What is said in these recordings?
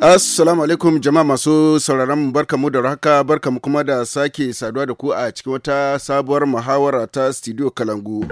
Assalamu alaikum jama'a masu sauraron barkamu da haka barkamu kuma da sake saduwa da ku a cikin wata sabuwar muhawara ta Studio Kalangu.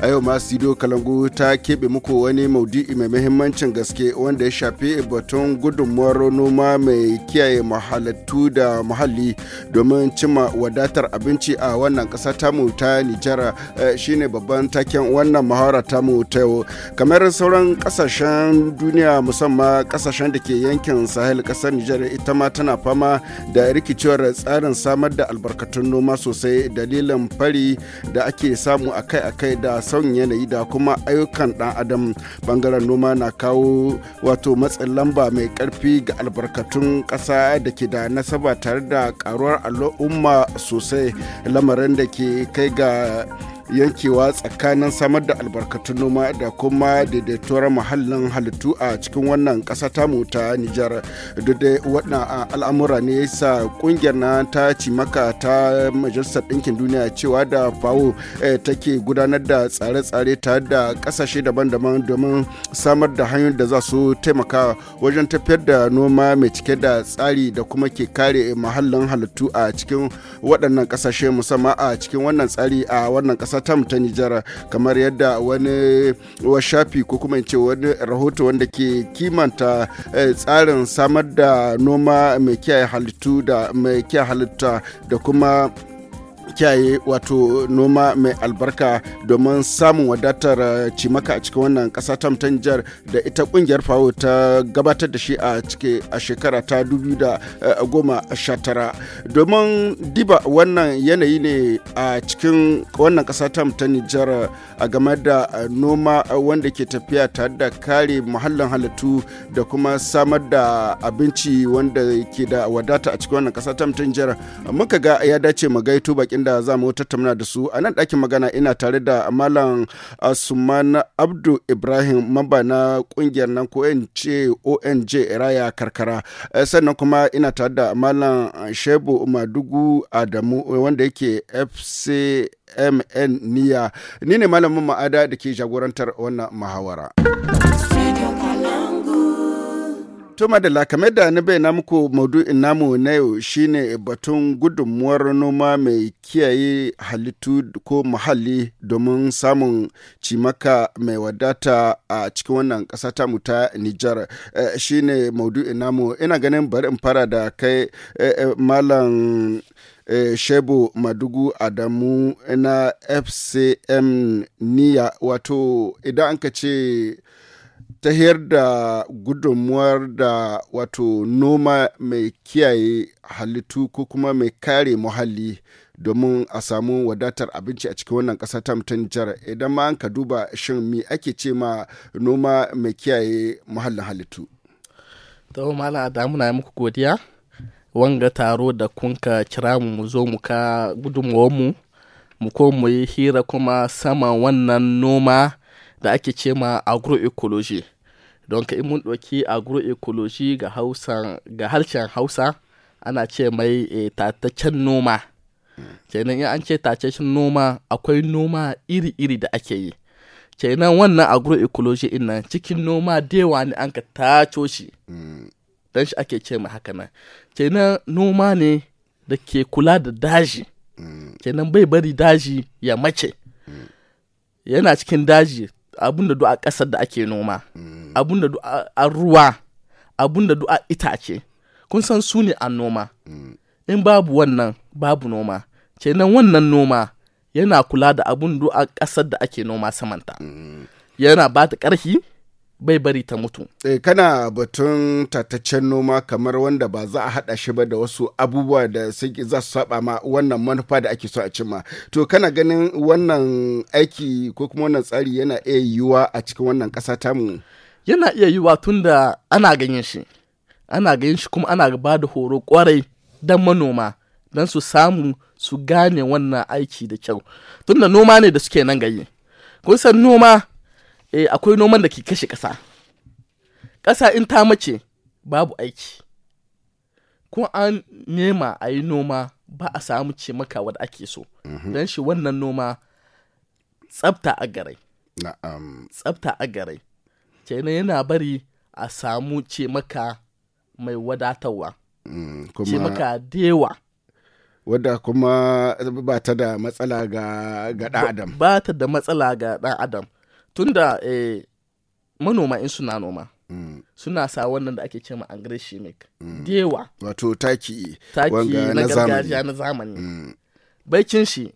A yau ma Studio Kalangu ta keɓe muku wani maudu'i mai muhimmancin gaske wanda ya shafi batun gudunmuwar noma mai kiyaye mahalattu da muhalli domin cima wadatar abinci a wannan ƙasa tamu ta Nijar eh, shine babban taken wannan muhawara tamu ta yau. Kamar sauran ƙasashen duniya musamman ƙasashen da ke yankin sahel kasar nijar ita ma tana fama da rikicewar tsarin samar da albarkatun noma sosai dalilin fari da ake samu akai-akai da sauyin yanayi da kuma ayyukan dan adam bangaren noma na kawo wato matsin lamba mai karfi ga albarkatun kasa da ke da nasaba tare da karuwar al'umma sosai lamarin da ke kai ga yankewa tsakanin samar da albarkatun noma da kuma daidaituwar muhallin halittu a cikin wannan ƙasa tamu ta Nijar. Duk da waɗannan al'amura ne sa ƙungiyar na ta cimaka ta Majalisar Ɗinkin Duniya cewa da FAO eh, take gudanar da tsare-tsare ta da kasashe daban-daban domin samar da hanyoyin da za su taimaka wajen tafiyar da noma mai cike da tsari da kuma ke kare muhallin halittu a cikin waɗannan ƙasashe musamman a cikin wannan tsari a wannan ƙasa satam ta nijar kamar yadda wani shafi ko kuma ce wani rahoto wanda ke kimanta eh, tsarin samar da noma mai kiyaye halittu da mai kiyaye halitta da kuma kiyaye wato noma mai albarka domin samun wadatar uh, cimaka a cikin wannan kasa ta mutanjar da ita kungiyar fawo ta gabatar da shi a cike a shekara ta 2019 uh, domin diba wannan yanayi ne a cikin wannan kasa ta ta uh, a game da noma wanda ke tafiya tare da kare muhallin halittu da kuma samar da abinci wanda ke da wadata a cikin wannan kasa ta Nijar muka ga ya dace mu gaito bakin waɗanda za mu tattauna da su a nan ɗakin magana ina tare da malam asuman Abdu Ibrahim mamba na ƙungiyar nan ko ce ONJ Raya Karkara eh, sannan kuma ina tare da malam Shebu Madugu Adamu wanda yake mn Niya ni ne malamin ma'ada da ke jagorantar wannan muhawara. To da kamar da na bayyana muku maudu'in namu na yau shine batun gudunmuwar noma mai kiyaye halittu ko muhalli domin samun cimaka mai wadata a cikin wannan ƙasa ta mu ta Nijar eh, shine maudu'in namu ina ganin bari in fara da kai eh, eh, malam Shebu Madugu Adamu na FCM Niya wato idan ka ce tahiyar da gudunmuwar da wato noma mai kiyaye halittu ko kuma mai kare muhalli domin a samu wadatar abinci a cikin wannan ƙasa ta mutum jihar idan ma an ka duba shin mi ake ce ma noma mai kiyaye muhallin halittu. Tawo mala Adamu na muku godiya wanga taro da kunka kira mu mu zo mu ka gudunmuwar mu mu ko mu yi hira kuma sama wannan noma da ake ce ma agroecology. don ka in mun ɗauki agroecology ga ga harshen hausa ana ce mai eh, tataccen noma kenan in an ce tataccen noma akwai noma iri-iri da ake yi kenan wannan agroecology din cikin noma da yawa ne an ka taco shi don shi ake ce mai haka nan kenan noma ne da ke kula da daji kenan bai bari daji ya mace yana cikin daji abun da du a da ake noma mm. abun da du ruwa abun da du itace kun san su ne a noma mm. in babu wannan babu noma kenan wannan noma yana kula da abun du a ƙasar da ake noma samanta mm. yana ba ta ƙarfi bai bari ta mutu. E, kana batun tataccen noma kamar wanda ba za a haɗa shi ba da wasu abubuwa da suke za su saba ma wannan manufa da ake so a cimma. To kana ganin wannan aiki ko kuma wannan tsari yana iya yiwuwa a cikin wannan ƙasa tamu? Yana iya yiwuwa tun da ana ganin shi. Ana ganin shi kuma ana ba da horo kwarai don manoma don su samu su gane wannan aiki da kyau. Tun da noma ne da suke nan gayi. Kun san noma eh akwai noman da ke kashe ƙasa ƙasa in ta mace babu aiki ko an nema a yi noma ba a samu ce maka wadda ake so mhm. don shi wannan noma tsabta a garai tsabta a garai kenan yana bari a samu ce maka mai wadatarwa mm, ce maka dewa wadda kuma ba ta da matsala ga ɗan adam ba ta da matsala ga ɗan adam tunda eh, manoma in suna noma mm. suna sa wannan da ake cewa angreshi mek mm. dewa wato taki na gargajiya na zamani mm. baikin shi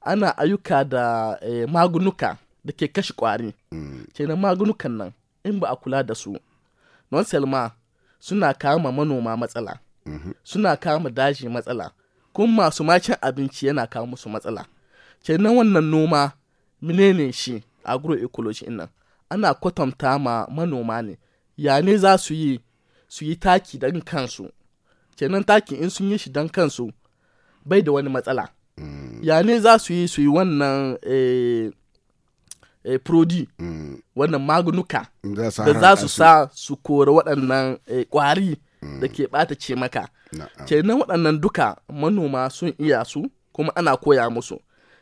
ana ayyuka da eh, magunuka da ke kashe kwari mm. na magunukan nan in ba a kula da su non selma suna kama manoma matsala mm-hmm. suna kama daji matsala kuma masu macin abinci yana kama musu matsala na wannan noma menene shi agroecology nan ana kwatanta ma manoma ne ya ne za su yi su yi taki don kansu kenan taki in sun yi shi dan kansu bai da wani matsala mm. ya ne za su yi su yi wannan eh, eh, prodi mm. wannan magunuka da za su sa su kori waɗannan eh, ƙwari mm. da ke ɓata ce maka kenan waɗannan duka manoma sun iya su kuma ana koya musu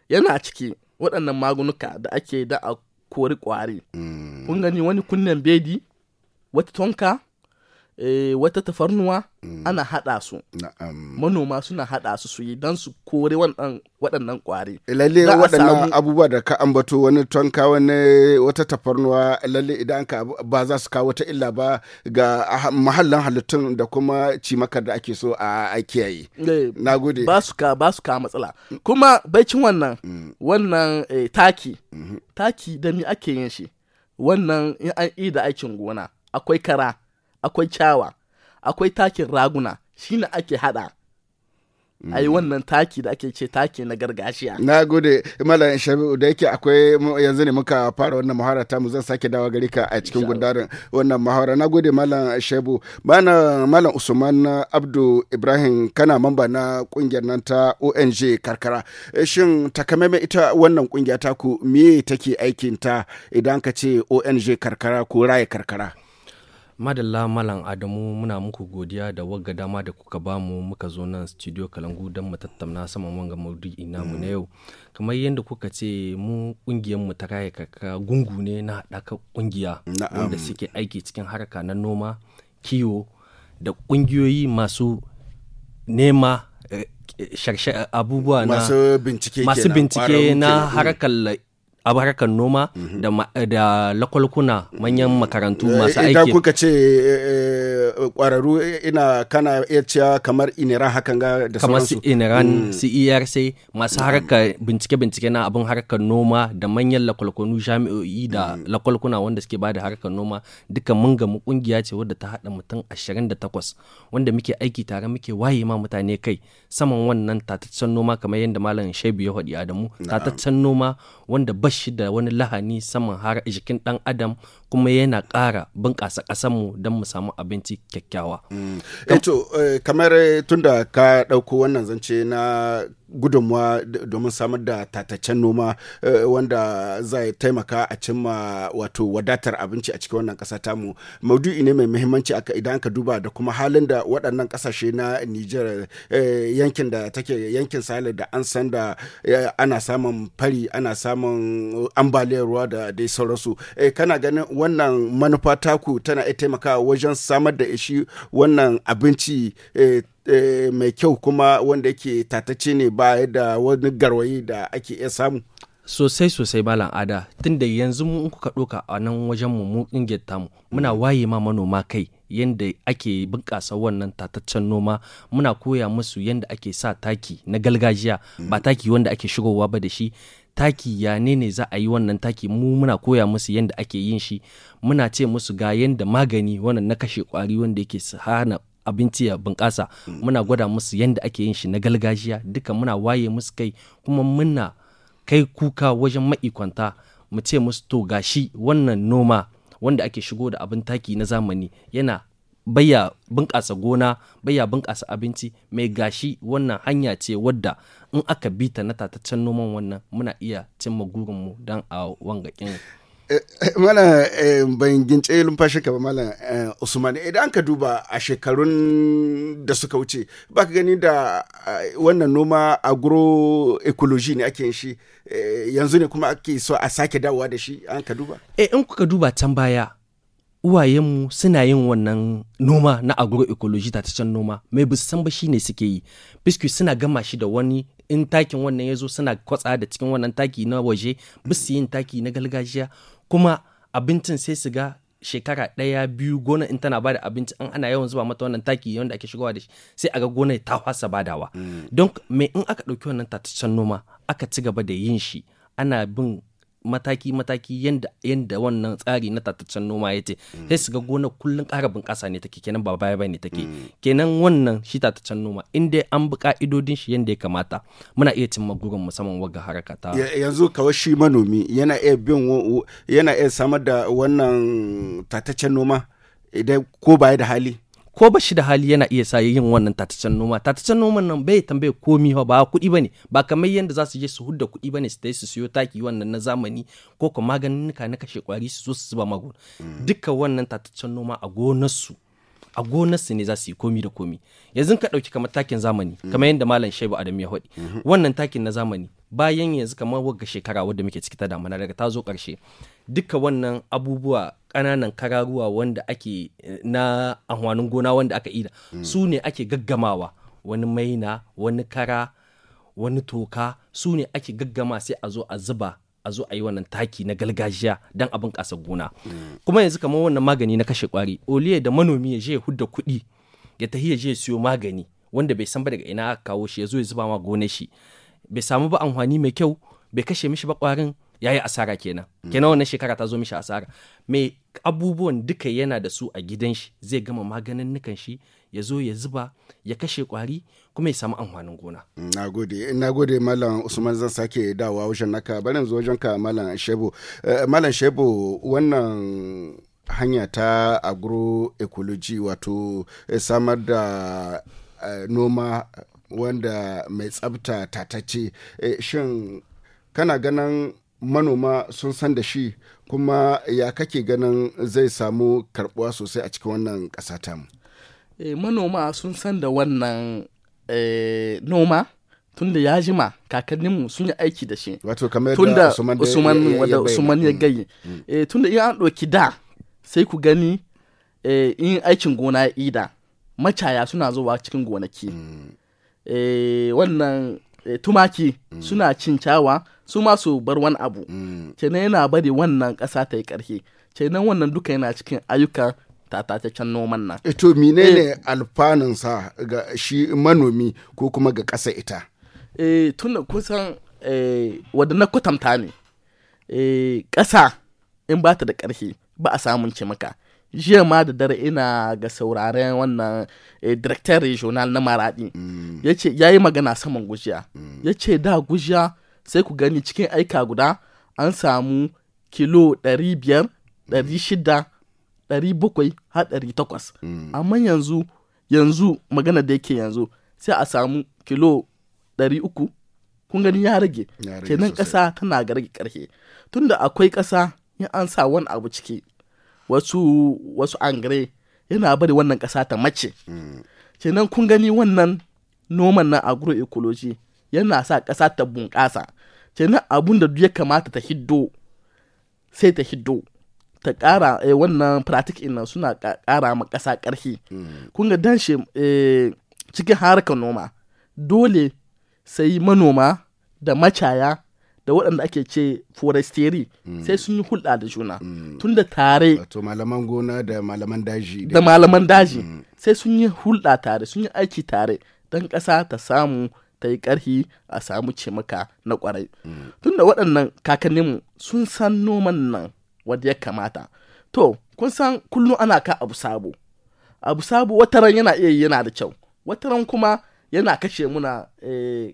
yana ciki waɗannan magunuka da ake da a kori kwari mm. kun gani wani kunnen bedi wata tonka Eh, wata tafarnuwa mm. ana haɗa su manoma suna haɗa su su yi don su kore waɗannan ƙwari eh, lalle waɗannan abubuwa da ka ambato wani tonka wani wata tafarnuwa lalle idan ka ba za su kawo ta illa ba ga ah, mahallin halittun da kuma cimakar da ake so a kiyaye eh, na gode ba su ka matsala kuma baikin wannan mm. wannan taki mhm. taki da ni ake yin shi wannan in an da aikin gona akwai kara akwai kyawa akwai takin raguna shi ne ake hada Mm. ai wannan taki da ake ce taki na gargajiya na gode malam shabi'u da yake akwai yanzu ne muka fara wannan muhara ta mu zan sake dawa gari ka a cikin gundarin wannan muhara na gode malam shabu bana malam usman abdu ibrahim kana mamba na kungiyar nan ta ong karkara eh, shin takamaime ita wannan kungiya ta ku me take aikin ta idan ka ce ong karkara ko raye karkara madalla malam adamu muna muku godiya da wagga dama da kuka bamu muka zo nan studio kalangu don mu tattauna saman wanga maudu'i mu na mm. yau kamar yadda kuka ce mu kungiyar mu ta kaya kaka gungu ne na haɗaka kungiya wanda suke aiki cikin harka na noma kiwo da kungiyoyi masu nema eh, abubuwa na masu bincike na harkar abarkan noma da lakwalkuna manyan makarantu eh, masu aiki. Idan kuka ce kwararru eh, eh, ina kana iya cewa kamar iniran hakan ga da sauransu. Kamar iniran CERC mm. masu haraka bincike-bincike na abin harkar noma da manyan lakwalkunu jami'o'i da mm. lakwalkuna wanda suke bada harkar noma duka mun gamu kungiya ce wadda ta hada mutum 28 wanda muke aiki tare muke waye ma mutane kai saman wannan tataccen noma kamar yadda malam shaibu ya faɗi Adamu tataccen noma wanda ba shi da wani lahani saman har jikin ɗan adam kuma yana ƙara bunƙasa ƙasanmu don mu samu abinci kyakkyawa. Mm. Eto eh, eh, kamar eh, tunda ka ɗauko wannan zance na gudunmuwa domin samar da tataccen noma wanda zai taimaka a cimma wato wadatar abinci a cikin wannan ƙasa tamu maudu'i ne mai muhimmanci aka idan ka duba da kuma halin da waɗannan ƙasashe na Nijar yankin da take yankin Sahel da an san da ana samun fari ana samun ambaliyar ruwa da dai sauransu kana ganin wannan manufa taku tana iya taimakawa wajen samar da ishi wannan abinci eh, eh, mai kyau kuma wanda yake tatace ne ba da wani garwayi da ake iya samu sosai sosai malam ada tunda yanzu mu kuka ɗoka a nan wajen mu mu tamu muna mm. waye ma manoma kai yadda ake bunƙasa wannan tataccen noma muna koya musu yadda ake sa taki na galgajiya ba mm. taki wanda ake shigowa ba da shi taki ya ne ne za a yi wannan taki mu muna koya musu yadda ake yin shi muna ce musu ga yadda magani wannan na kashe kwari wanda yake hana abinci ya bunƙasa muna gwada musu yadda ake yin shi na galgajiya duka muna waye musu kai kuma muna kai kuka wajen ma'ikwanta mu ce musu to gashi wannan noma wanda ake shigo da abin taki na zamani yana baya bunƙasa gona baya bunƙasa abinci mai gashi wannan hanya ce wadda in aka bi ta na tataccen noman wannan muna iya cimma gurinmu don a wangakin eh, eh, mana eh, ban gince lumfashi ka ba usman idan ka duba a shekarun da suka wuce ba ka gani da wannan noma agroecology ne ake shi yanzu ne kuma ake so a sake dawowa da shi an ka duba eh in kuka duba can baya uwayenmu suna yin wannan noma na agroecology ta can noma mai bisan ba ne suke yi biski suna gama shi da wani in takin wannan ya zo suna kwatsa da cikin wannan taki na waje bisu yin taki na gargajiya kuma abincin sai su ga shekara ɗaya biyu gona in tana bada abinci an ana yawan zuba mata wannan taki yawan da ake shigowa da shi sai a ga gona ta fasa badawa mm. don me in aka ɗauki wannan tataccen noma aka ci gaba da yin shi ana bin mataki-mataki yanda yanda wannan tsari na tataccen noma ya ce mm. sai su ga gona kullum ƙara bunƙasa ne take kenan ba baya bane take mm. kenan wannan shi tataccen noma inda an bi ka'idodin shi yanda ya kamata muna iya cimma gurin musamman wagga haraka ta yanzu kawai shi manomi yana iya bin yana iya samar da wannan tataccen noma idan ko baya da hali ko ba shi da hali yana iya sa yin wannan tatacen noma tatacen noman nan bai tambaye komi ba kuɗi bane ba kamar yadda za su je su hudda kuɗi bane su tayi su siyo taki wannan na zamani ko ko maganinka na kashe kwari su zo su zuba magun mm. Duka wannan tatacen noma a gonarsu a su ne za su yi komi da komi yanzu ka ɗauki kamar takin zamani mm. kamar yadda malam shaibu adam ya faɗi mm-hmm. wannan takin na zamani bayan yanzu kamar wagga shekara wadda muke ciki ta damana daga ta zo ƙarshe duka wannan abubuwa ƙananan kararuwa wanda ake eh, na amfanin gona wanda aka ida mm. su ne ake gaggamawa wani maina wani kara wani toka su ne ake gaggama sai a zo a zuba a zo a yi wannan taki na gargajiya don abin ƙasa gona mm. kuma yanzu kamar wannan magani na kashe kwari oliya da manomi ya je ya hudda kuɗi ya tahi ya je ya siyo magani wanda bai san ba daga ina aka kawo shi ya zo ya zuba ma gonar shi bai samu ba amfani mai kyau bai kashe mishi ba kwarin ya yi asara kenan kenan wannan shekara ta zo mishi asara mai abubuwan duka yana da su a gidan shi zai gama maganin nukan shi ya zo ya zuba ya kashe kwari kuma ya samu amfanin gona. Na gode, na gode Malam Usman zan sake dawa wajen naka barin zo wajen ka Malam Shebo. Eh, Malam Shebo wannan hanya ta agroecology wato eh, samar da eh, noma wanda mai tsabta tatace eh, shin kana ganin manoma sun san da shi kuma ya kake ganin zai samu karbuwa sosai a cikin wannan ƙasa ta mu eh, manoma sun san da wannan eh, noma tunda ya jima kakanninmu sun yi aiki da shi wato kamar da usman ya gayi mm, mm. tunda in an ɗauki da sai ku gani in aikin gona ida macaya suna zuwa cikin gonaki mm. e wannan eh, tumaki mm. suna cin cawa su ma su bar wani abu mm. kenan yana bari wannan ƙasa ta yi ƙarfi kenan wannan duka yana cikin ayyukan tatataccen noman nan. Eh, to menene alfanunsa ga shi manomi ko kuma ga ƙasa ita? e tun da kusan wadda na kutamta ne ƙasa in ba ta da ƙarfi ba a samun cimaka. jiya ma da dare ina ga sauraren wannan eh, director regional na maradi mm. ya ce ya yi magana saman gujiya mm. ya ce da gujiya sai ku gani cikin aika guda an samu kilo 500 600 700 har 800 mm. amma yanzu yanzu magana da yake yanzu sai a samu kilo 300 kun gani ya rage kenan ƙasa tana ga rage ƙarshe tunda akwai ƙasa in an sa wani abu ciki wasu wasu angare yana bari wannan ƙasa ta mace mm. kenan kun gani wannan noman na agroecology yana sa ƙasa ta bunƙasa kenan abun da ya kamata ta hiddo sai ta hiddo ta ƙara eh, wannan pratik suna ƙara ma ƙasa ƙarfi mm. kun ga dan shi eh, cikin harkar noma dole sai manoma da macaya da waɗanda ake ce forestieri mm. sai sun yi hulɗa da juna mm. tun da tare wato malaman gona da malaman daji da malaman daji mm. sai sun yi hulɗa tare sun yi aiki tare don ƙasa ta samu ta yi ƙarfi a samu cimaka na ƙwarai tun da waɗannan kakannin sun san noman nan wadda ya kamata to kun san kullum ana ka abu sabo abu sabo wataran yana iya yana da kyau wataran kuma yana kashe muna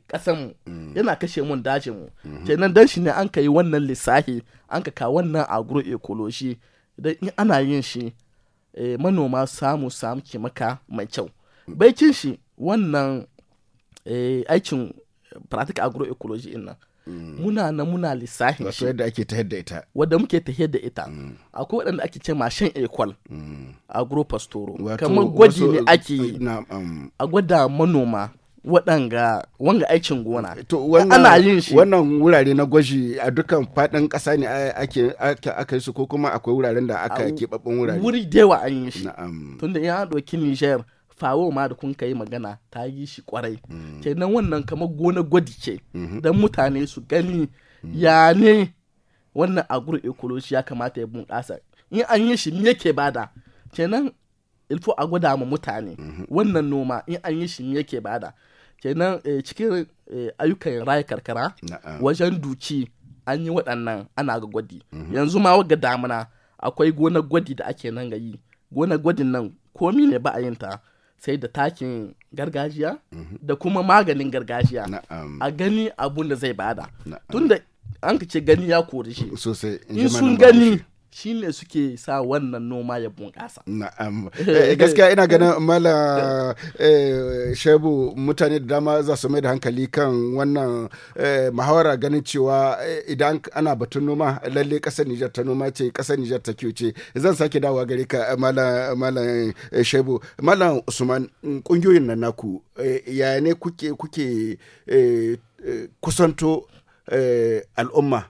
kasan eh, mu mm. yana kashe mun dajin mu mm-hmm. kenan dan shi ne an ka yi wannan lissafi an ka ka wannan agro ecology in ana yin shi eh, manoma samu samu maka mai kyau mm. baikin shi wannan eh, aikin practical agro ecology nan muna na muna lissafi shi wadda ake ta da ita wadda muke ta da ita mm. akwai waɗanda ake ce a equal mm. agropastoro kamar gwaji ne uh, ake yi um, a gwada manoma waɗanga wanga aikin gona ana yin shi wannan wurare na gwaji a dukkan faɗin ƙasa ne ake aka yi su ko kuma akwai wuraren da aka keɓaɓɓen wurare wuri da yawa an yi shi tunda ya ɗauki Nijar fawo ma da kun kai magana ta yi shi kwarai mm. nan wannan kamar gona gwadi ce mm-hmm. don mutane su gani mm. ya ne wannan agro ecology ya kamata ya bunƙasa in an yi shi me ke bada nan ilfo a gwada ma mutane mm-hmm. wannan noma in an yi shi me ke bada nan eh, cikin eh, ayyukan raya karkara wajen duki an yi waɗannan ana ga gwadi mm-hmm. yanzu ma ga damuna akwai gona gwadi da ake nan gayi yi gonar gwadin nan komi ne ba a yin ta sai da takin gargajiya mhm. da kuma maganin gargajiya a gani abun da zai bada tunda an ka ce gani ya kori shi in sun gani shi ne suke sa wannan noma ya bunƙasa. Na'am. Eh, gaskiya ina ganin mala eh, shebu mutane da dama za su mai da hankali kan wannan eh, mahawara ganin cewa idan ana batun noma lalle ƙasar Nijar ta noma ce ƙasar Nijar ta kyau ce. Zan sake dawowa gare ka malam shebu. Malam Usman mm, ƙungiyoyin nan naku ya ne kuke kuke kusanto al'umma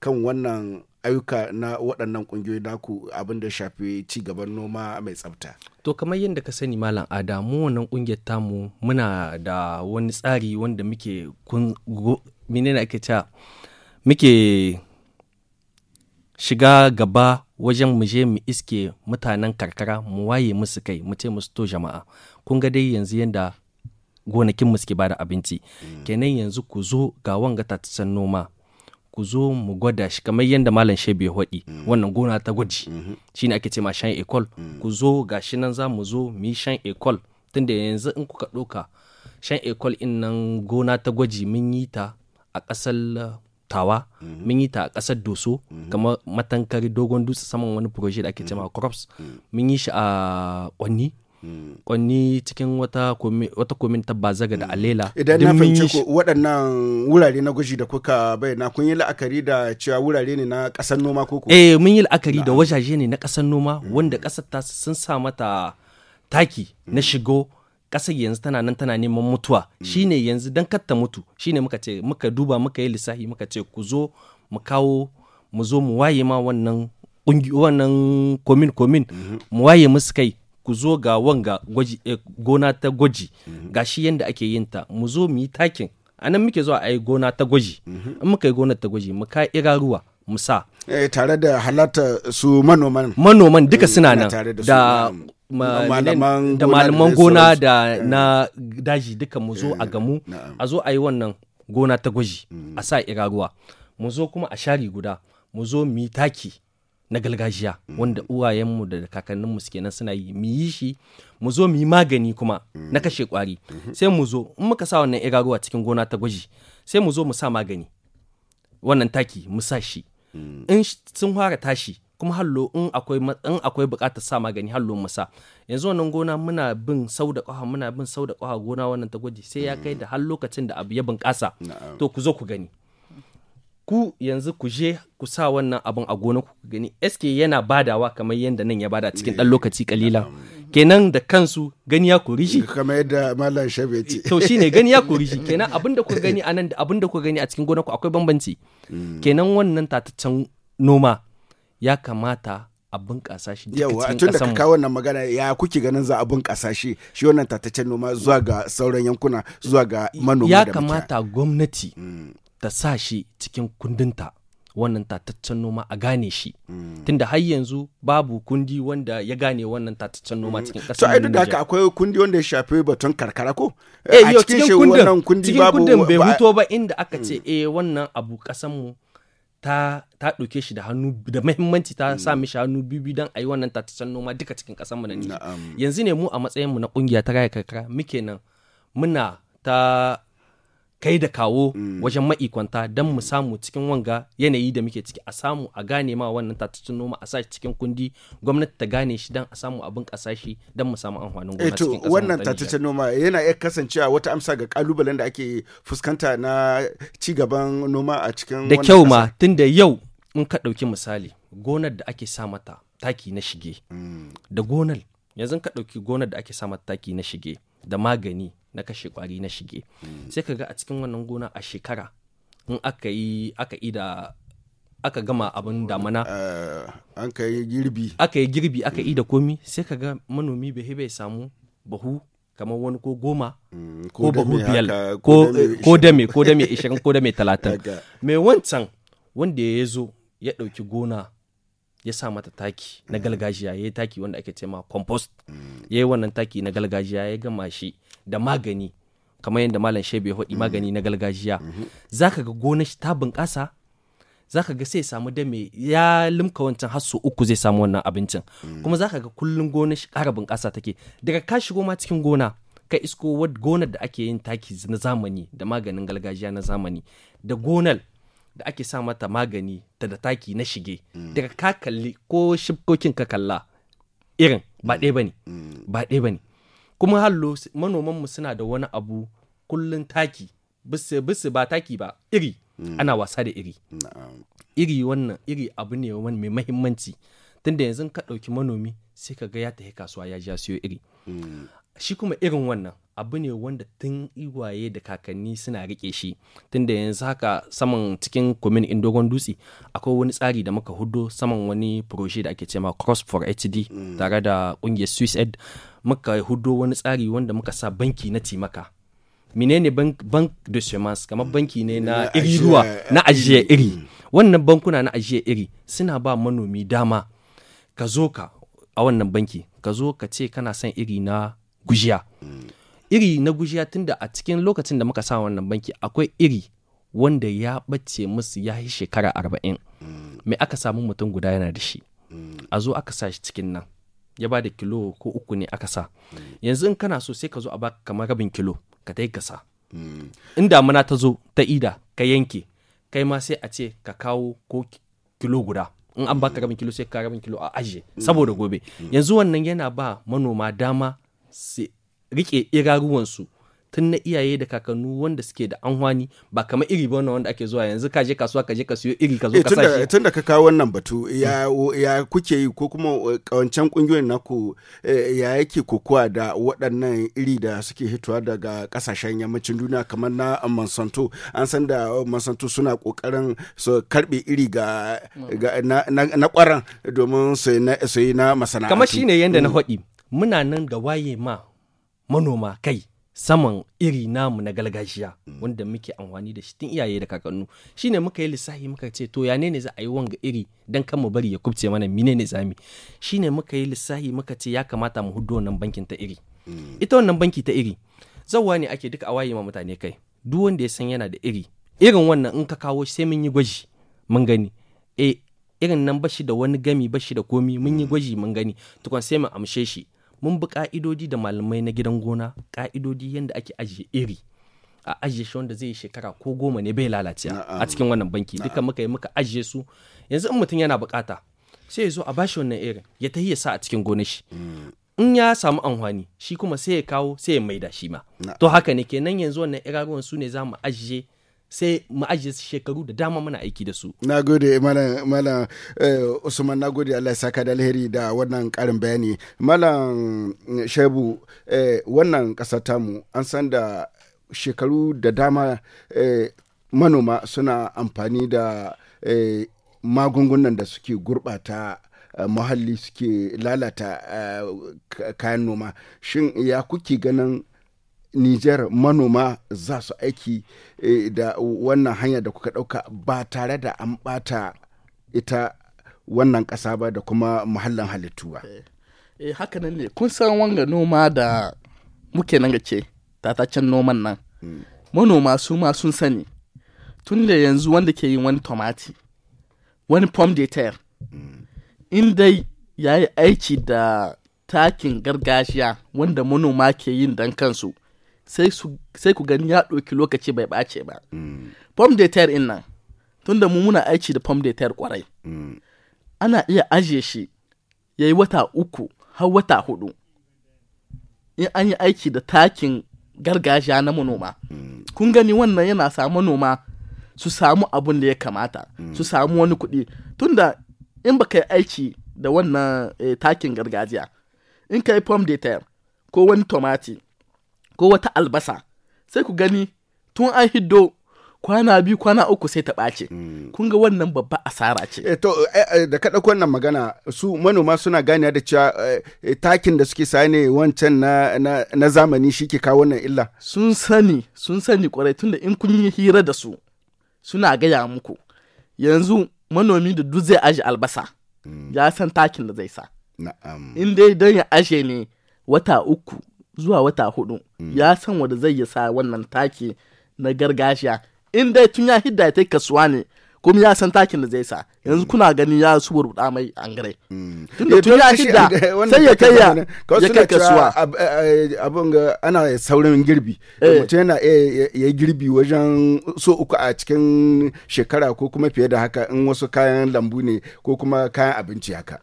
kan wannan ayyuka na waɗannan ƙungiyoyi naku abin da shafi ci gaban noma mai tsafta to kamar yadda ka sani malam adamu wannan ƙungiyar tamu muna da wani tsari wanda muke kun ake ta muke shiga gaba wajen mu je mu iske mutanen karkara mu waye musu kai mu ce musu to jama'a kun ga dai yanzu yanda gonakin mu suke bada abinci mm. kenan yanzu ku zo ga wanga tatasan noma ku zo mu gwada shi kamar yadda malam shebe haɗi mm. wannan gona ta gwaji mm-hmm. shi ne ake ce ma shan ekol mm. ku zo ga shi nan za mu zo mu yi shan ekol tunda yanzu in kuka ɗauka shan ekol in nan gona ta gwaji mun yi ta a ƙasar tawa mm-hmm. mun yi ta a ƙasar doso mm-hmm. kamar matankari dogon dutse saman wani proje da ake ce ma crops mm. mun yi shi a ƙwanni kwanni cikin wata komintar bazaga da mm. alela idan na fahimci ko waɗannan wurare na gwaji da kuka bayyana kun yi la'akari da cewa wurare ne na ƙasar noma ko eh mun yi la'akari da wajaje ne na ƙasar noma mm. wanda ƙasar ta sun sa mata taki na mm. shigo ƙasar yanzu tana nan tana neman mutuwa shine yanzu dan kar ta mutu shine muka ce muka duba muka yi lissafi muka ce ku zo mu kawo mu zo mu waye ma wannan wannan komin komin mm-hmm. mu waye musu kai ku zo ga wanga gwaji eh, gona ta gwaji mhm. ga shi yadda ake yin ta mu zo mu yi takin a nan muke zuwa a yi gona ta gwaji mhm. in muka yi gona ta gwaji mu ka iraruwa mu sa eh, tare da halatta su manoman manoman duka eh, suna nan da malaman gona da na daji duka mu zo a gamu a zo a yi wannan gona ta gwaji a mm. sa iraruwa mu zo kuma a shari guda mu zo mu yi taki na gargajiya mm. wanda uwayenmu da kakanninmu suke nan suna yi mu yi shi mu zo mu yi magani kuma mm. na kashe kwari mm-hmm. sai mu zo in muka sa wannan iraruwa cikin gona ta gwaji sai mu zo mu sa magani wannan taki mu sa shi mm. in sun fara tashi kuma hallo in akwai bukatar sa magani hallo mu sa yanzu wannan gona muna bin sau da ƙaha muna bin sau da gona wannan ta gwaji sai ya kai da har lokacin da abu ya bunƙasa to ku zo ku gani ku yanzu ku je ku sa wannan abun a gona ku gani eske yana badawa kamar yadda nan ya bada cikin dan eh, lokaci kalila kenan da kansu gani ya kori shi kamar yadda malam shabe ce to shine gani ya kori shi kenan abin da ku gani anan da abin da ku gani a cikin gona ku akwai bambanci hmm. kenan wannan tataccen noma ya kamata a bunƙasa shi yawa tun da ka kawo wannan magana ya kuke ganin za a bunƙasa shi shi wannan tataccen noma zuwa ga sauran yankuna zuwa ga manoma ya kamata gwamnati hmm. ta sa shi cikin kundinta wannan tataccen noma a gane shi tunda har yanzu babu kundi wanda ya gane wannan tataccen noma cikin kasar mm. so ai duk da haka akwai kundi wanda ya shafi batun karkara ko eh a cikin shi wannan kundi babu kundin bai huto ba inda aka ce mm. eh wannan abu kasan mu ta ta ɗauke shi da hannu da muhimmanci ta sa mm. mishi hannu bibi dan ayi wannan tataccen noma duka cikin kasar mu da yanzu ne mu a matsayin mu na kungiya ta raya karkara muke nan muna ta kai da kawo mm. wajen ma'ikwanta don mu samu cikin wanga yanayi da muke ciki a samu a gane ma wannan tatatun noma a sashi cikin kundi gwamnati ta gane shi don a samu abin kasashi don mu samu amfanin gona eh cikin ƙasar wannan tatatun noma yana iya kasancewa wata amsa ga kalubalen da ake fuskanta na ci gaban noma a cikin da kyau ma tunda yau in ka ɗauki misali gonar da ake sa mata taki na shige mm. da gonar yanzu ka ɗauki gonar da ake sa mata taki na shige da magani na kashe kwari na shige mm. sai ka ga a cikin wannan gona a shekara in aka yi aka ida aka gama abin damana eh, an ka yi girbi aka yi girbi aka yi komi sai ka ga manomi bai bai samu bahu kamar wani ko goma mm, ko bahu biyar ko eh, dame ko dame ishirin ko dame talatin mai wancan wanda ya zo ya ɗauki gona ya sa mata taki na mm. galgajiya ya yi taki wanda ake cema compost ya yi wannan taki na galgajiya ya gama shi da magani kamar yadda malam shebe ya faɗi mm-hmm. magani na gargajiya mm-hmm. za ka ga gonar shi ta bunƙasa za ka ga sai samu dame ya limka wancan har uku zai samu wannan abincin mm. kuma za ka ga kullum gonar shi ƙara bunƙasa take daga ka shigo ma cikin gona ka isko gonar da ake yin taki na zamani da maganin gargajiya na zamani da gonar da ake sa mata magani ta da taki na shige mm. daga ka kalli ko shibkokin ka kalla irin ba ɗaya mm. ba ne ba ɗaya ba ne kuma hallo manomanmu suna da wani abu kullun taki bisa bisa ba taki ba iri hmm. ana wasa da iri iri wannan iri abu ne wani mai mahimmanci tunda yanzu ka ɗauki manomi sai ka ga ya tafi kasuwa ya ja siyo iri hmm. shi kuma irin wannan abu ne wanda tun iwaye da kakanni suna rike shi tun da yanzu haka saman cikin kumin in dogon dutse akwai wani tsari da muka hudo saman wani proje da ake cema cross for hd mm. tare da kungiyar swiss ed muka hudo wani tsari wanda muka sa banki na timaka menene bank, bank de semence kamar banki ne na iri ruwa na ajiye iri wannan bankuna na ajiye iri suna ba manomi dama ka zo ka a wannan banki ka zo ka ce kana son iri na gujiya mm. iri na gujiya tunda a cikin lokacin da muka sa wannan banki akwai iri wanda ya bace musu ya yi shekara arba'in mai mm. aka samu mutum guda yana da shi mm. a zo aka sa shi cikin nan ya ba da kilo ko uku ne aka sa yanzu in kana so sai ka zo a baka kamar rabin kilo ka tai ka sa in damuna ta zo ta ida ka yanke kai ma sai a ce ka kawo ko kilo guda in an baka rabin kilo sai ka rabin kilo a ajiye saboda gobe yanzu wannan yana ba manoma dama su rike iraruwansu tun na iyaye da kakannu wanda suke da anhwani ba kamar iri ba wanda ake zuwa yanzu ka je kasuwa ka je ka siyo iri ka zo eh, ka sashi tun da ka kawo wannan batu ya ya kuke yi ko kuma kawancan eh, kungiyoyin naku eh, ya yake kokowa da waɗannan iri da suke hitowa daga kasashen yammacin duniya kamar na Monsanto an san da Monsanto suna kokarin su karbe iri ga na kwaran domin su yi na masana'antu kamar shine yanda na haɗi mm. muna nan da waye ma manoma kai saman iri namu na gargajiya mm. wanda muke amfani da shi tun iyaye da kakannu shine muka yi lissafi muka ce to ya ne za a yi wanga iri dan kan mu bari ya kubce mana mine ne zami shine muka yi lissafi muka ce ya kamata mu hudu wannan bankin ta iri mm. ita wannan banki ta iri zawwa ne ake duka a waye ma mutane kai duk wanda ya san yana da iri irin wannan in ka kawo sai mun yi gwaji mun gani eh irin nan bashi da wani gami bashi da komi mun yi mm. gwaji mun gani tukun sai mu amshe shi mun bi ka'idodi da malamai na gidan gona ka'idodi yadda ake ajiye iri a ajiye shi wanda zai yi shekara ko goma ne bai lalace a cikin wannan banki duka muka yi muka ajiye su yanzu in mutum yana bukata sai ya zo a shi wannan irin ya ta sa a cikin gonar shi mm. in ya samu amfani shi kuma sai ya kawo sai ya maida shi ma to haka ne kenan yanzu wannan iraruwan su ne za mu ajiye sai mu shekaru da dama muna aiki da su na gode malam eh, usman na gode allah saka da alheri da wannan karin bayani malam mm, shebu eh, wannan kasa tamu an san da shekaru da dama eh, manoma suna amfani da magungunan da suke gurbata muhalli suke lalata uh, kayan noma shin ya kuke ganin niger manoma za su aiki eh, da wannan hanya da kuka ɗauka ba tare da an bata ita wannan ƙasa ba da kuma muhallin halittu ba. Eh, eh, haka nan ne, kun san wanga noma da muke nan ce, tatacen noman nan. Hmm. Manoma su ma sun sani, tun da yanzu wanda ke yin wani tomati, wani pom de terre, hmm. in dai ya yi aiki da takin gargajiya wanda manoma ke yin dan kansu sai ku gani ya ɗauki lokaci bai ɓace ba mm. pom de terre in nan tunda mu muna aiki da pom de terre kwarai mm. ana iya ajiye shi ya yi wata uku har wata hudu in an yi aiki da takin gargajiya na manoma mm. kun gani wannan yana sa manoma su samu abun da ya kamata su samu wani kuɗi tunda in baka yi aiki da wannan eh, takin gargajiya in ka yi pom de terre ko wani tomati ko wata albasa sai ku gani tun an hiddo kwana biyu kwana uku sai ta ɓace mm. kun ga wannan babba asara ce e, to eh, eh, da kaɗa wannan magana su manoma suna ganewa da cewa takin da suke saye ne wancan na, na, zamani shi ke kawo wannan illa sun sani sun sani kwarai tunda in kun yi hira da su suna gaya muku yanzu manomi da duk zai aje albasa mm. ya san takin da zai sa in dai don ya aje ne wata uku zuwa wata hudu mm. ya san wanda zai yi sa wannan taki na gargajiya in dai tun ya hidda ta kasuwa ne kuma ya san takin da zai sa yanzu mm. kuna ganin ya su burbuɗa mai gare mm. tun da eh, tun ya hidda sai ya kai ya kai kasuwa abin eh, eh, ga ana saurin girbi mutum yana ya girbi wajen so uku a cikin shekara ko kuma fiye da haka in wasu kayan lambu ne ko kuma kayan abinci haka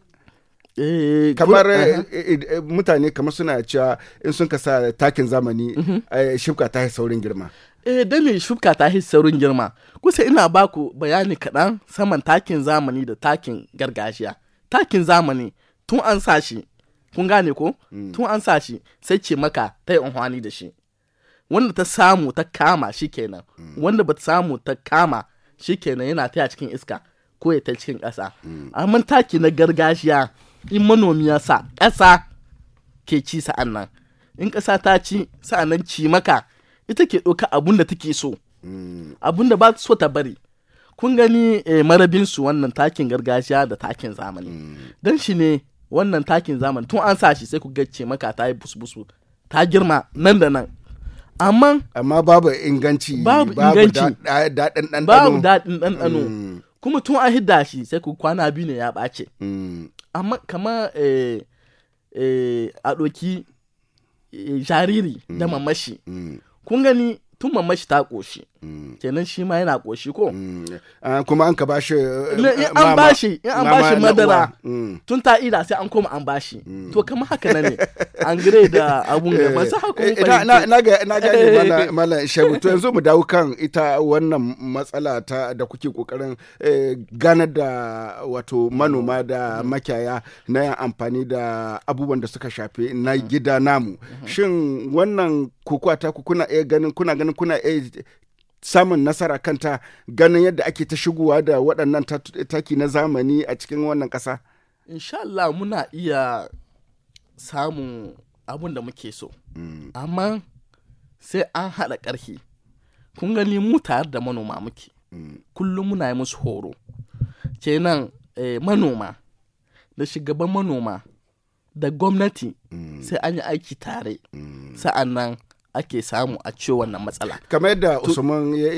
Eh, kamar eh, eh, mutane kamar suna cewa in sun kasa takin zamani mhm. shifka ta saurin girma eh dalilin shuka ta yi saurin girma kusa ina baku bayani kaɗan saman takin zamani da takin gargajiya takin zamani tun an sa shi kun gane ko mm. tun an sa shi sai ce maka ta yi unhwani da shi wanda ta samu ta kama shi kenan mm. wanda ba ta samu ta kama shi kenan yana taya cikin iska ko ya ta cikin ƙasa mm. amma taki na gargajiya in manomi ya sa ƙasa ke ci sa'an nan in ƙasa ta ci sa'an nan ci maka ita ke ɗauka abun da take so abun da ba so ta bari kun gani eh, marabin su wannan takin gargajiya da takin zamani don shi ne wannan takin zamani tun an sa shi sai ku ce maka ta yi busbusu ta girma nan da nan amma amma babu inganci babu inganci daɗin ɗanɗano babu daɗin ɗanɗano mm. kuma tun an hidda shi sai ku kwana biyu ne ya ɓace mm. amma kama eh, eh, a ɗoki eh, jariri da mm. mamashi mm. kun gani tun mamashi ta ƙoshi kenan shi ma yana koshi ko mm. ah, kuma an ka bashi shi. Eh, an bashi an bashi madara mm. tun ta ida sai an koma an bashi mm. to kamar haka na ne an gire da abun eh, eh, ga masu su haka na ga na ga mala shehu to yanzu mu dawo kan ita wannan matsala ta da kuke kokarin ganar da wato manoma da makiyaya na yin amfani da abubuwan da suka shafi na gida namu mm-hmm. shin wannan kokowa ta kuna iya ganin kuna ganin kuna iya samun nasara kanta ganin yadda ake ta shigowa da waɗannan taki na zamani a cikin wannan ƙasa? insha Allah muna iya samun abin da muke so mm. amma sai an haɗa ƙarfi kun gani mu tare da manoma muke mm. kullum muna yi musu horo kenan eh, manoma da shugaban manoma da gwamnati mm. sai an yi aiki tare sa'an nan ake samu a ce wannan matsala. Kamar yadda Usman ya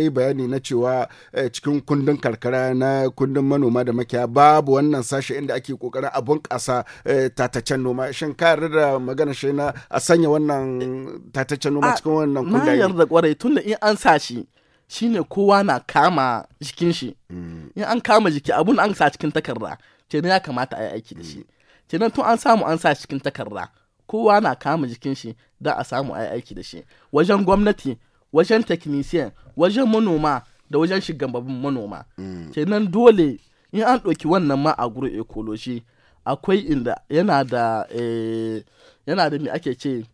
yi bayani na cewa eh, cikin kundin karkara na kundin manoma da makiya babu wannan sashe inda ake kokarin a bunƙasa eh, tataccen noma. Shin ka yarda da magana shi na a sanya wannan tataccen noma cikin wannan kundin? Na yarda kwarai tun da in an sa shi shine kowa na kama jikin shi. Hmm. In an kama jiki abun an sa cikin takarda kenan ya kamata a yi aiki da shi. Hmm. Kenan tun an samu an sa cikin takarda. kowa na kama jikin shi da a samu ai aiki da shi wajen gwamnati wajen technician wajen manoma da wajen shugabannin manoma mm. kenan dole in an ɗauki wannan ma a gurin ecology akwai inda yana da eh, yana da me ake ce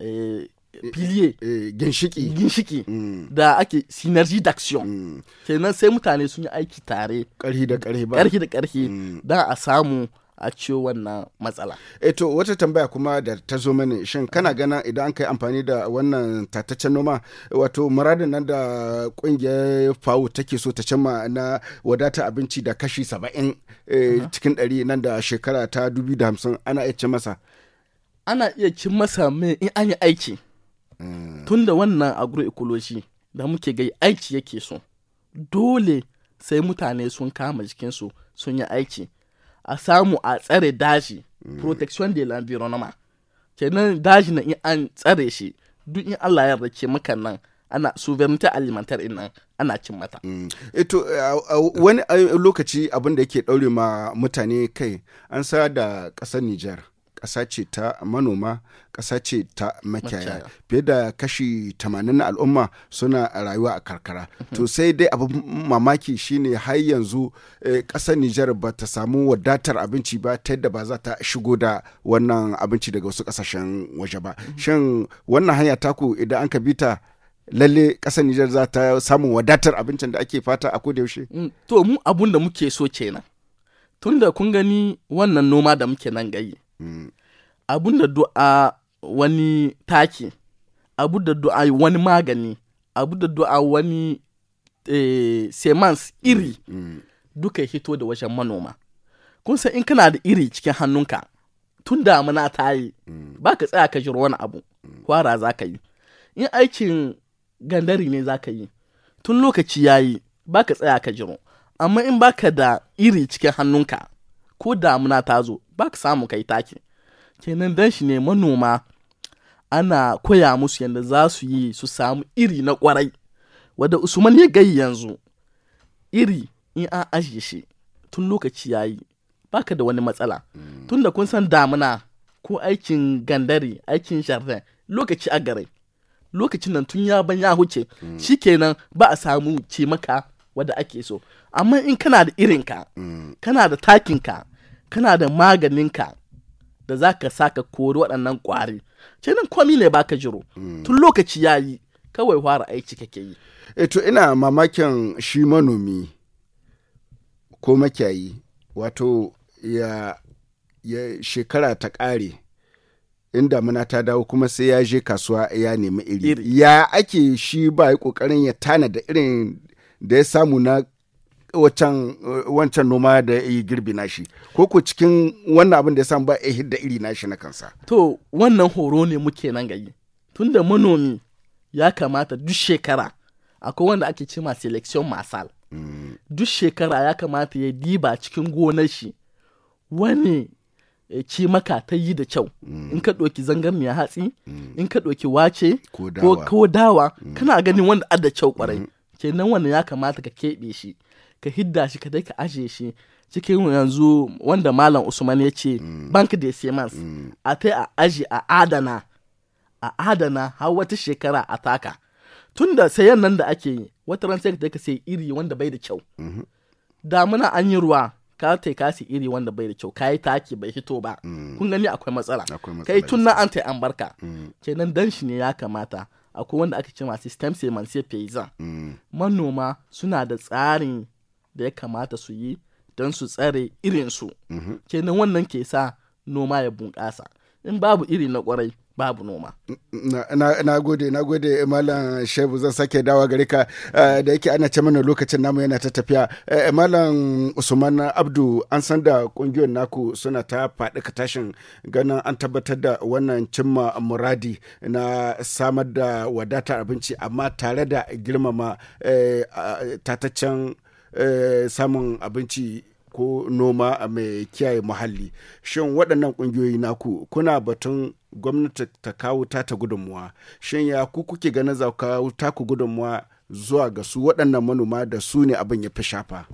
eh, pilier eh, ginshiki ginshiki mm. da ake synergy d'action mm. kenan sai mutane sun yi aiki tare karhi da karhi ba karhi da karhi da a samu a ciwo wannan matsala. Eto eh, wata tambaya kuma da ta zo mani shin kana gana idan an kai amfani da wannan tataccen noma wato muradin nan da kungiyar fawo take so ta cimma na wadata abinci da kashi saba'in eh, cikin ɗari nan da shekara ta dubi da hamsin ana iya cin masa. Ana iya cin masa mai in an yi aiki. Hmm. Tun da wannan agroecology da muke gai aiki yake so. Dole sai mutane sun kama jikinsu sun yi aiki. a samu a tsare daji mm. protection de l'environnement kenan daji na in an tsare shi duk in Allah ya rake maka nan ana sovereignty alimentar in nan ana cin mata. Mm. Eto eh, eh, wani eh, lokaci abin da yake daure ma mutane kai an sa da ƙasar Nijar. ƙasa ce ta manoma ƙasa ce ta makiyaya fiye da kashi 80 na al'umma suna rayuwa a karkara mhm. to sai dai abin mamaki shine har yanzu eh, ƙasa Nijar ba ta samu wadatar abinci ba ta yadda ba za ta shigo da wannan abinci daga wasu ƙasashen waje ba mhm. shin wannan hanya taku idan an ka ta lalle ƙasar Nijar za ta samu wadatar abincin da ake fata a koda yaushe mm, to mu abun da muke so kenan tunda kun gani wannan noma da muke nan gayi abun da du'a wani taki abu da du'a wani magani abu da du'a wani eh, semans iri duka duka hito da wajen manoma kun san in kana da iri cikin hannunka tun damuna ta yi ba ka tsaya ka jiro wani abu kwara za ka yi in aikin gandari ne za ka yi tun lokaci ya yi ba ka tsaya ka jiro amma in ba ka da iri cikin hannunka ko damuna ta zo ba ka samu kai taki kenan dan shi ne manoma ana koya musu yadda za su yi su samu iri na kwarai wadda usman ya gai yanzu iri in an ajiye shi tun lokaci ya yi baka da wani matsala mm. tun da kun san damuna ko aikin gandare aikin jardin lokaci a gare lokacin nan tun ya ban ya huce mm. shi kenan ba a samu ce maka wadda ake so amma in kana da irinka mm. kana da takinka kana da maganinka da za ka sa ka kori waɗannan ƙwari ce nan komi ne ka jiro hmm. tun lokaci ya yi kawai fara aiki kake yi eto eh, ina mamakin shi manomi ko makiyayi wato ya, shekara ta ƙare inda muna ta dawo kuma sai ya je kasuwa ya nemi iri ya ake shi ba ya ya tana da irin da ya samu na wancan noma da ya girbi nashi ko ko cikin wannan abin da ya samu ba ya hidda iri nashi na kansa to wannan horo ne muke nan gayi tunda manomi ya kamata duk shekara akwai wanda ake cema ma selection masal mm. duk shekara ya kamata ya diba cikin gonar shi wani ci maka ta yi da kyau mm. in ka ɗauki zangarniyar hatsi mm. in ka ɗauki wace ko dawa kana ganin wanda ada kyau kwarai kenan wannan ya kamata ka keɓe shi ka hidda shi ka dai ka ajiye shi cikin yanzu wanda malam usman ya ce mm. bank de siemens mm. a ta a aji a adana a adana har wata shekara a taka tun da sayan nan da ake yi wata ran sai ka sai iri wanda bai da kyau mm-hmm. damuna an yi ruwa ka ta ka sai iri wanda bai da kyau ka yi taki bai hito ba mm. kun gani akwai matsala kai tun na an ta an barka kenan dan shi ne ya kamata akwai wanda aka ce ma system sai paysan manoma suna da tsarin da ya kamata su yi don su tsare irinsu kenan wannan ke sa noma ya bunƙasa in babu iri na kwarai babu noma. Na gode, na gode Malam Shehu zan sake dawa gare ka eh, da yake ana ce mana lokacin namu yana ta tafiya. Eh, Malam Usman Abdu an san da kungiyoyin naku suna ta faɗi ka tashin ganin an tabbatar da wannan cimma muradi na samar da wadatar abinci amma tare da girmama eh, tataccen Eh, samun abinci ko noma mai kiyaye muhalli shin waɗannan ƙungiyoyi naku kuna batun gwamnati ta kawo ta ta gudunmuwa shin ya ku kuke ganin za ku kawo ta ku gudunmuwa zuwa ga su waɗannan manoma da su ne abin ya fi shafa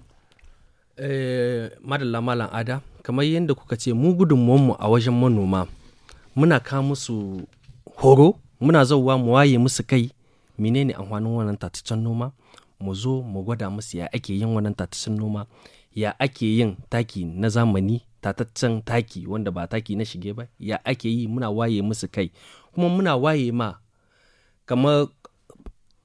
eh, madalla malam ada kamar yadda kuka ce mu mu a wajen manoma muna kawo musu horo muna zauwa mu waye musu kai menene amfanin wannan tataccen noma mu zo mu gwada musu ya ake yin wannan tatacin noma ya ake yin taki na zamani tataccen taki wanda ba taki na shige ba ya ake yi muna waye musu kai kuma muna waye ma kamar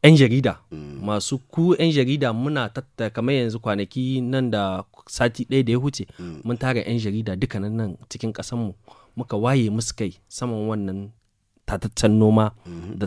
'yan jarida mm. masu ku 'yan jarida muna tatta kamar yanzu kwanaki nan da sati ɗaya da ya huce mm. mun tara 'yan jarida dukkanin nan cikin ƙasanmu muka waye musu kai saman wannan tataccen noma mhm. da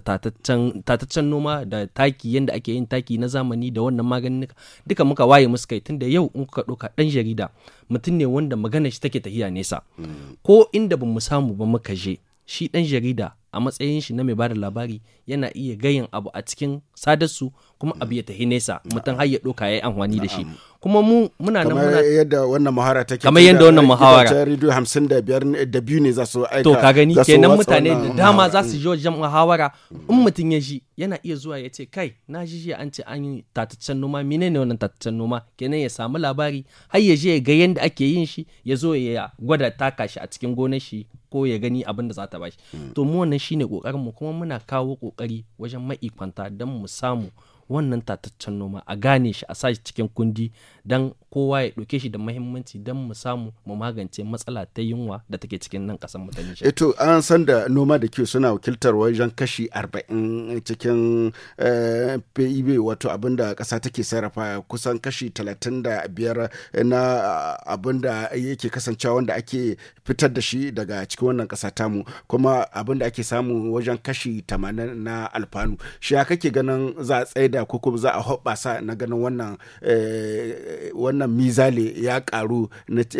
tataccen noma da taki yadda ake yin taki na zamani da wannan maganin duka muka waye musu kai tunda yau in kuka ɗauka ɗan jarida mutum ne wanda magana shi take tahiya nesa mm. ko inda ba mu samu ba muka je shi ɗan jarida a matsayin shi na mai bada labari yana iya gayin abu a cikin sadarsu kuma abu ya tafi nesa mutum har ya doka yi amfani da shi kuma mu muna nan muna yadda wannan muhawara take kamar yadda wannan muhawara ta radio 55 da biyu ne za su aika to ka gani kenan mutane da dama za su jo jam muhawara in mutum ya ji yana iya zuwa ya ce kai na ji ji an ce an yi tataccen noma menene wannan tataccen noma kenan ya samu labari har ya je ya ga yadda ake yin shi ya zo ya gwada taka shi a cikin gonar shi ko ya gani abin da za ta bashi hmm. to mu wannan shine kokarin mu kuma muna kawo kokari wajen ma'ikwanta don mu samu wannan tataccen noma a gane shi a sa shi cikin kundi don kowa ya ɗauke shi da mahimmanci don mu samu mu magance matsala ta yunwa da take cikin nan ƙasar mu ta Nijar. Eto eh an san da noma da kiwo suna wakiltar wajen kashi arba'in cikin eh, PIB e wato abin da ƙasa take sarrafa kusan kashi talatin da biyar na abin da yake kasancewa wanda ake fitar da shi daga cikin wannan ƙasa tamu kuma abin da ake samu wajen kashi tamanin na alfanu shi ya kake ganin za a tsaida ko kuma za a sa na ganin wannan eh, wannan mizali ya karu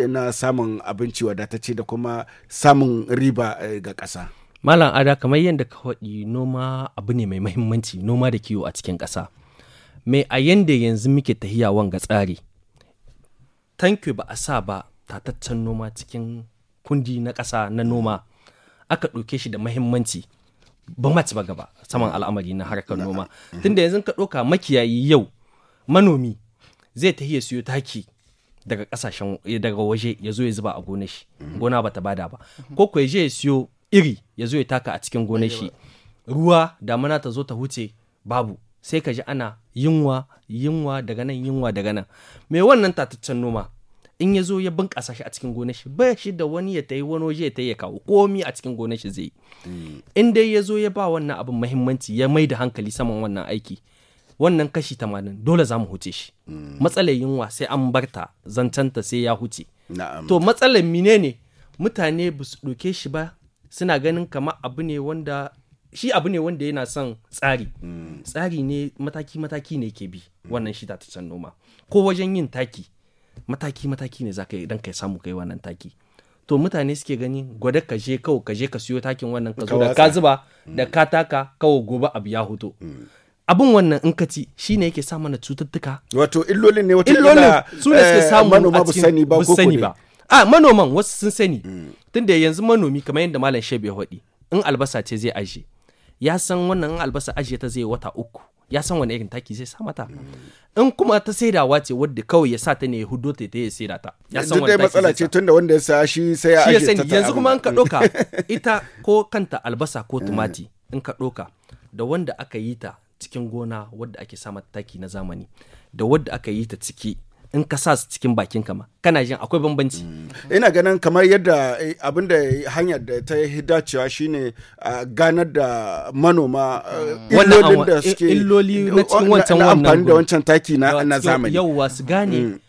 na samun abinci wadatacce da kuma samun riba eh, ga ƙasa. Malam Ada kamar yadda ka faɗi noma abu ne mai mahimmanci noma da kiwo a cikin ƙasa. Me a yadda yanzu muke tahiyawan ga tsari. Tanki ba a sa ba tataccen noma cikin kundi na ƙasa na noma aka ɗauke shi da mahimmanci ba ma ba gaba saman al'amari na harkar noma. Mm-hmm. Tunda yanzu ka ɗauka makiyayi yau manomi zai ta iya siyo taki daga kasashen eh, daga waje ya zo ya zuba a gonar shi mhm. gona ba ta bada ba ko kuwa ya siyo iri ya zo ya taka a cikin gonar shi ruwa damana ta zo ta huce babu sai ka ji ana yinwa yinwa daga nan yinwa daga nan me wannan tataccen noma in ya zo ya bunƙasa shi a cikin gonar shi ba shi da wani ya tayi wani waje ya tayi ya kawo komi a cikin gonar shi zai mm. in dai ya zo ya ba wannan abin mahimmanci ya mai da hankali saman wannan aiki wannan kashi tamanin dole za mu huce shi hmm. matsalar yunwa sai an barta zancanta sai ya huce to matsalar mine ne mutane ba su ɗauke shi ba suna ganin kama abu ne wanda shi abu ne wanda yana son tsari hmm. tsari ne mataki-mataki ne ke bi wannan shi ta can noma ko wajen yin taki mataki-mataki ne za ka idan ka samu kai wannan taki to mutane suke gani gwada ka je kawai ka je ka siyo takin wannan ka zo da ka zuba da hmm. ka taka kawai gobe abu ya hoto abin wannan in ka ci shi ne yake sa mana cututtuka wato illolin ne wata illolin su suke eh, samun a cikin sani ba ko a manoman wasu sun sani hmm. tunda yanzu manomi kamar yadda malam shebe ya faɗi in albasa ce zai aje ya san wannan in albasa aje ta zai wata uku ya san wani irin taki zai sa mata in kuma ta saidawa ce wadda kawai ya sa ta ne ya hudo ta ya saida ta ya san wani taki matsala ce tunda wanda ya sa shi sai ya aje ta yanzu kuma in ka ɗauka ita ko kanta albasa ko eh. tumati in ka ɗauka da wanda aka yi ta cikin gona wadda ake sa taki na zamani da wadda aka yi ta ciki in ka sa su cikin bakin kama kana jin akwai bambanci mm. ina ganin kamar yadda eh, abinda hanya hanyar da ta yi dacewa shine ganar da manoma eh, mm. illolin da suke illoli na cikin wancan amfani da wancan taki na zamani yau su gane mm.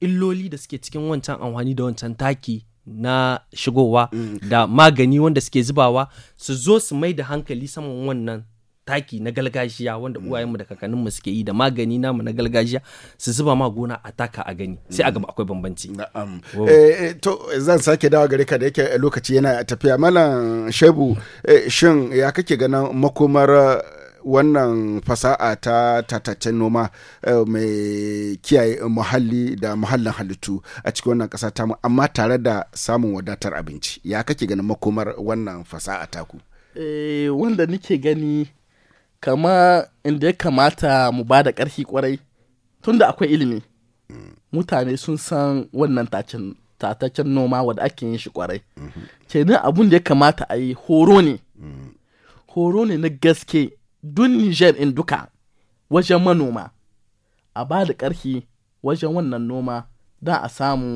illoli da suke cikin wancan amfani da wancan taki na shigowa da magani wanda suke zubawa su zo su mai da hankali saman wannan taki na galgajiya wanda mm. uwayenmu da kakanninmu suke yi da magani namu na galgajiya su zuba ma gona a taka a gani sai a gaba mm. akwai bambanci na'am eh, eh, to zan sake dawa gare ka da yake lokaci yana tafiya malam shebu eh, shin ya kake ganin makomar wannan fasaha ta tataccen noma mai kiyaye muhalli da muhallin halittu a cikin wannan ƙasa mu amma tare da samun wadatar abinci ya kake ganin makomar wannan fasa'a taku wanda nike gani kama inda ya kamata mu ba da ƙarfi kwarai tunda akwai ilimi mutane sun san wannan tataccen noma wadda ake yin shi kwarai kenan abun da ya kamata a yi horo ne horo ne na gaske dun niger in duka wajen manoma a ba da ƙarfi wajen wannan noma don a samu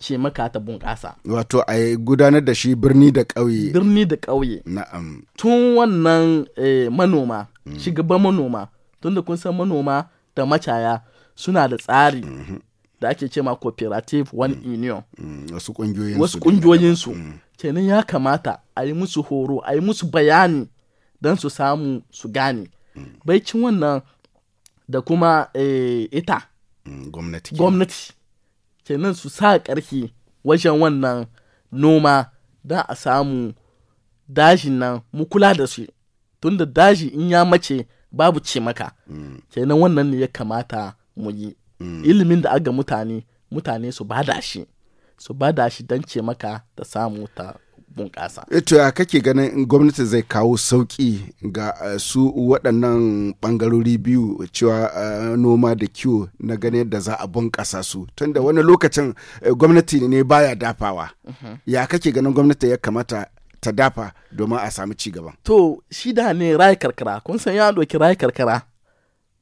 ce maka ta bunƙasa. Wato a gudanar da shi birni da ƙauye. Birni da ƙauye. Na'am. Tun wannan eh, manoma, mm. manoma, tun da kun san manoma da macaya suna da tsari mhm. da ake ce ma cooperative one mm. union. Mm, wasu ƙungiyoyinsu. Wasu ƙungiyoyinsu. Mm. Kenan ya kamata a yi musu horo, a yi musu bayani don su samu su gane. Baicin wannan da kuma eh, ita. Gwamnati. Gwamnati. kenan su sa ƙarfi wajen wannan noma da a samu dajin nan mu kula da su tunda daji in ya mace babu ce maka mm. kenan wannan ne ya kamata mu yi mm. ilimin da aga mutane mutane su bada shi su bada shi don ce maka da samu ta bunƙasa. Ito eh, ya kake ganin gwamnati zai kawo sauƙi ga eh, su waɗannan ɓangarori biyu cewa eh, noma da kiwo na ganin yadda za a bunƙasa su tunda wani lokacin gwamnati ne baya dafawa. Mhm. Ya kake ganin gwamnati ya kamata ta dafa domin a samu ci gaba. To shi da ne rayu karkara kun san ya doki rayu karkara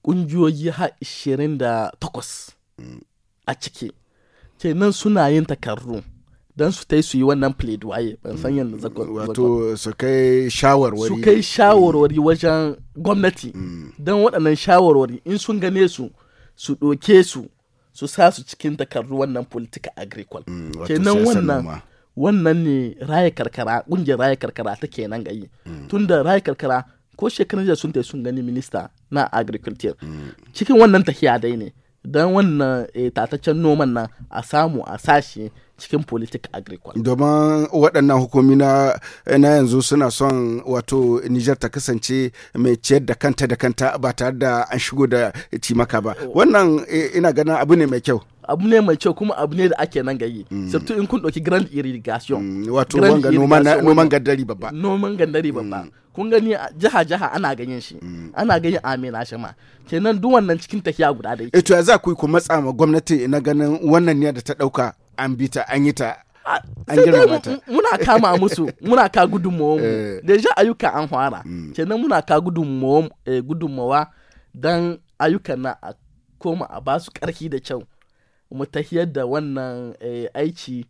ƙungiyoyi har ishirin da takwas mm. a ciki kenan suna yin takardu. don su tai su yi wannan waye ban san yadda zakon wato su kai shawarwari su kai shawarwari wajen gwamnati mm. don waɗannan shawarwari in sun game su su ɗoke su su sa su cikin takardu wannan politika agricole mm, kenan wannan wannan ne raya karkara ƙungiyar raya karkara ta kenan gayi mm. tunda raya karkara ko shekarun jiya sun sun gani minista na agriculture cikin wannan tahiya dai ne don wannan eh, tataccen noman nan a samu a sashi cikin politik agrikwal. Domin waɗannan hukumi na yanzu suna son wato Nijar ta kasance mai ciyar da kanta da kanta ba tare da an shigo da cimaka ba. Oh. Wannan eh, ina gana abu ne mai kyau. abu ne mai kyau kuma abu ne da ake nan gayi sabtu mm. surtout in kun ɗauki grand irrigation mm, wato wanga noman gandari babba noman gandari babba mm. kun gani jiha jiha ana ganin shi ana ganin amina shama kenan duk wannan cikin tafiya guda da yake eh ya za ku yi ku matsa ma gwamnati na ganin wannan ne da ta ɗauka an bi ta an yi ta an girmama ta muna kama musu muna ka gudunmawa mu eh. deja ayyuka an fara mm. kenan muna ka eh, gudunmawa dan ayuka na a koma a ba su karfi da kyau mu tahiyar da wannan eh, aici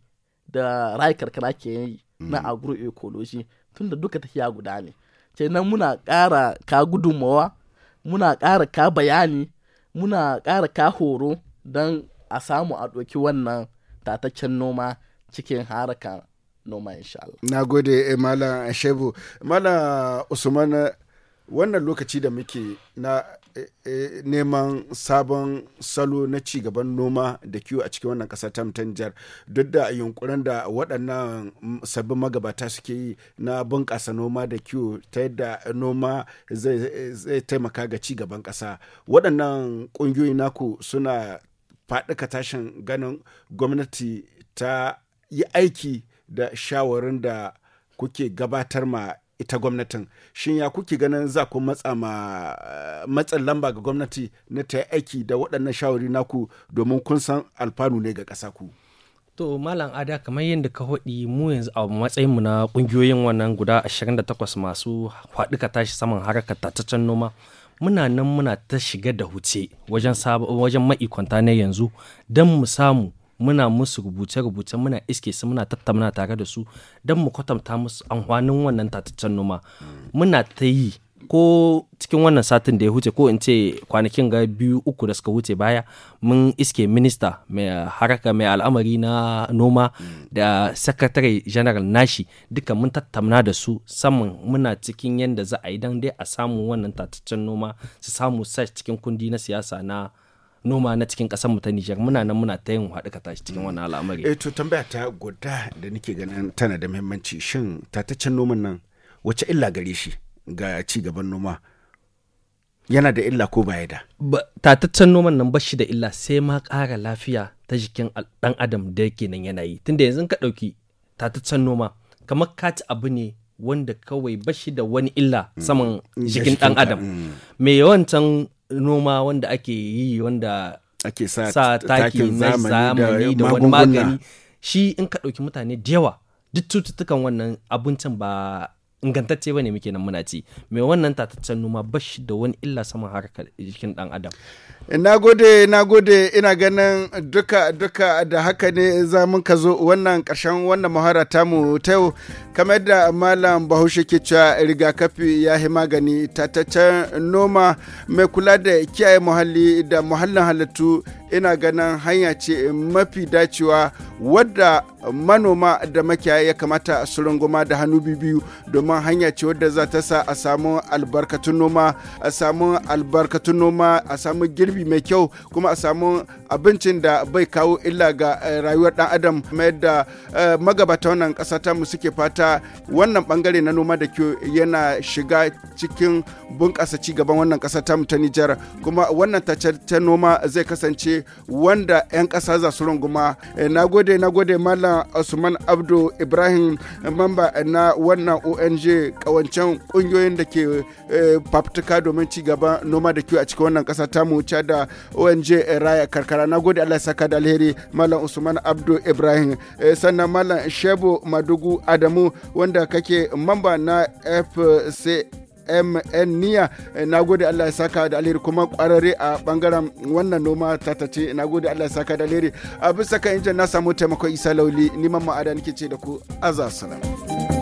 da rai karkara ke yi na mm. agroecology tunda duka tahiya guda ne kenan muna ƙara ka gudunmawa muna ƙara ka bayani muna ƙara ka horo don a samu a ɗauki wannan tataccen noma cikin haraka noma insha Allah. Na gode eh, Mala Shebu. Mala Usman wannan lokaci da muke na eh, eh, neman sabon salo na cigaban noma da kiwo a cikin wannan ƙasa ta mutanjar duk da yunkurin da waɗannan mm, sabbin magabata suke yi na bunƙasa noma da kiwo ta yadda noma zai taimaka ga gaban ƙasa waɗannan ƙungiyoyi naku suna faɗi tashin ganin gwamnati ta yi aiki da shawarin da kuke gabatar ma ita gwamnatin shin ya kuke ganin za ku matsa ma eh, matsin lamba ga gwamnati na ta yi aiki da waɗannan shawari naku domin kun san alfanu ne ga ƙasa ku to malam ada kamar yadda ka hudi mu yanzu a matsayin mu na ƙungiyoyin wannan guda 28 masu ka tashi saman harkar tataccen noma muna nan muna ta shiga da huce wajen wajen ma'ikwanta na yanzu don mu samu muna musu rubuce-rubuce muna iske su muna tattauna tare da su don mu kwatanta musu amfanin wannan tataccen noma muna ta yi ko cikin wannan satin da ya huce ko in ce kwanakin ga biyu uku da suka huce baya mun iske minista mai haraka mai al'amari na noma da sakatare general nashi duka mun tattauna da su saman muna cikin yadda za a yi dan dai a samu wannan tataccen noma su samu sa cikin kundi na siyasa na noma na cikin kasar mu ta Nijar muna nan muna ta yin haɗu ka tashi cikin wannan al'amari. Eh to tambaya ta guda da nake ganin tana da muhimmanci shin tataccen noman nan wace illa gare shi? ga ci gaban noma yana da illa ko baya da tataccen noman nan bashi da illa sai ma ƙara lafiya ta jikin ɗan adam da yake nan yana yi tunda yanzu ka ɗauki tataccen noma kamar ka ci abu ne wanda kawai bashi da wani illa mm. saman mm. jikin ɗan adam mai mm. yawancan noma wanda ake yi wanda ake sa taki na zamani da wani magani shi in ka ɗauki mutane da yawa duk cututtukan wannan abincin ba ingantacce bane muke nan muna ci mai wannan tataccen numa bashi da wani illa sama harkar jikin dan adam Na gode, na gode ina ganin duka duka da haka ne za mun ka zo wannan ƙarshen wannan muhara mu. ta yau kamar da malam bahaushe ke cewa rigakafi ya yi magani tataccen noma mai kula da kiyaye muhalli da muhallin halittu ina ganin hanya ce mafi dacewa wadda manoma da makiyaya ya kamata su runguma da hannu biyu domin hanya ce wadda za ta sa a samu albarkatun noma a samu albarkatun noma a samu girbi girbi mai kyau kuma a samu abincin da bai kawo illa ga eh, rayuwar dan adam mai da eh, magabata wannan kasa ta mu suke fata wannan bangare na noma da kyau yana shiga cikin bunƙasa ci gaban wannan kasa ta mu ta Nijar kuma wannan tace ta noma zai kasance wanda 'yan ƙasa za su runguma eh, nagode nagode malam Usman Abdu Ibrahim mamba na wannan ONG kawancen ƙungiyoyin da ke fafutuka domin ci gaban noma da kyau a cikin wannan ƙasa ta mu da ong raya karkara na gode allah saka da alheri malam usman abdu ibrahim eh, sannan malam shebu madugu adamu wanda kake mamba na fc mn niya eh, na gode allah ya saka da alheri kuma kwararre a bangaren wannan noma ta tace na gode allah ya saka da alheri a bisa kan injin na samu taimakon isa lauli neman ma'ada ke ce da ku azza salam